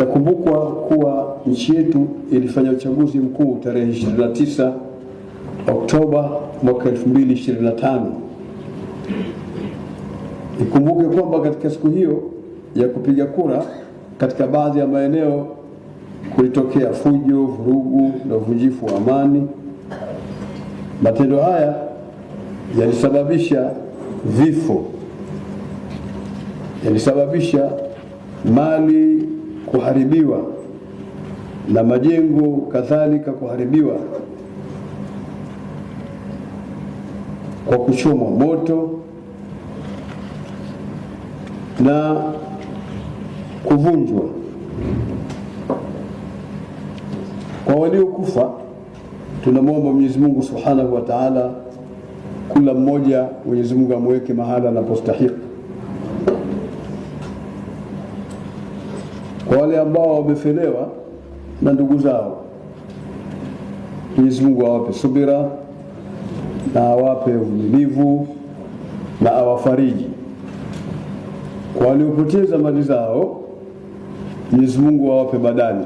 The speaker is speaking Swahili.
Itakumbukwa kuwa nchi yetu ilifanya uchaguzi mkuu tarehe 29 Oktoba mwaka 2025. Ikumbuke kwamba katika siku hiyo ya kupiga kura, katika baadhi ya maeneo kulitokea fujo, vurugu na uvunjifu wa amani. Matendo haya yalisababisha vifo, yalisababisha mali kuharibiwa na majengo kadhalika kuharibiwa kwa kuchomwa moto na kuvunjwa. Kwa waliokufa, tunamwomba Mwenyezi Mungu Subhanahu wa Ta'ala, kula mmoja Mwenyezi Mungu amweke mahala anapostahili. kwa wale ambao wamefelewa na ndugu zao. Mwenyezi Mungu awape subira na awape uvumilivu na awafariji. Kwa waliopoteza mali zao, Mwenyezi Mungu awape badali.